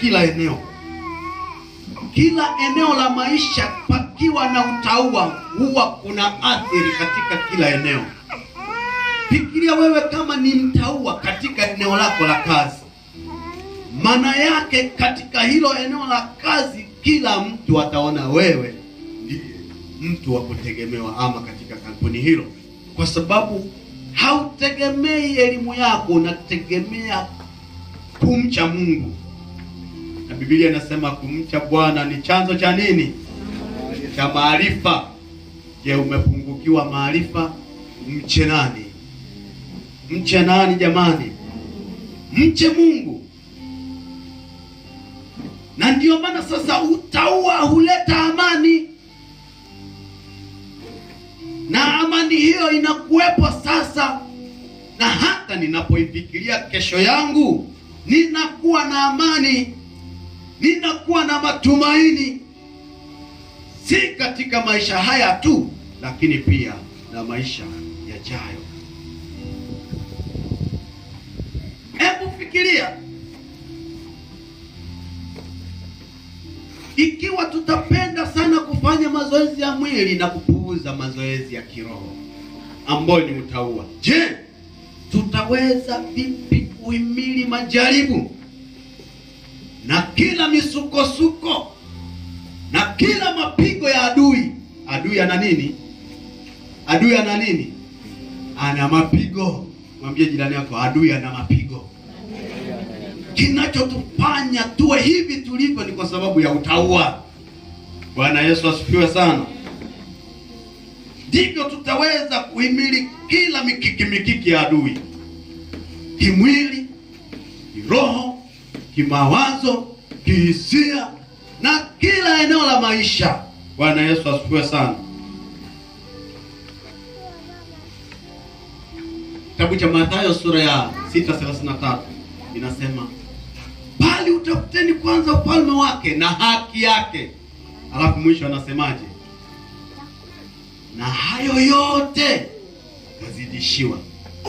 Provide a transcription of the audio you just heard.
kila eneo, kila eneo la maisha. Pakiwa na utaua huwa kuna athiri katika kila eneo. Fikiria wewe kama ni mtaua katika eneo lako la kazi, maana yake katika hilo eneo la kazi kila mtu ataona wewe ndiye mtu wa kutegemewa, ama katika kampuni hilo, kwa sababu hautegemei elimu yako, unategemea kumcha Mungu na Biblia inasema kumcha Bwana ni chanzo cha nini? Cha maarifa. Je, umepungukiwa maarifa? Mche nani? Mche nani jamani? Mche Mungu. Na ndio maana sasa utaua huleta amani, na amani hiyo inakuwepo sasa, na hata ninapoifikiria kesho yangu ninakuwa na amani ninakuwa na matumaini, si katika maisha haya tu, lakini pia na maisha yajayo. Hebu fikiria ikiwa tutapenda sana kufanya mazoezi ya mwili na kupuuza mazoezi ya kiroho ambayo ni utaua, je, tutaweza vipi kuhimili majaribu? na kila misukosuko na kila mapigo ya adui. Adui ana nini? Adui ana nini? Ana mapigo. Mwambie jirani yako, adui ana mapigo. Kinachotufanya tuwe hivi tulivyo ni kwa sababu ya utaua. Bwana Yesu asifiwe sana. Ndivyo tutaweza kuhimili kila mikiki mikiki ya adui kimwili kimawazo, kihisia na kila eneo la maisha. Bwana Yesu asifiwe sana. Kitabu cha Mathayo sura ya 6:33 inasema, bali utafuteni kwanza ufalme wake na haki yake, alafu mwisho anasemaje? Na hayo yote kazidishiwa.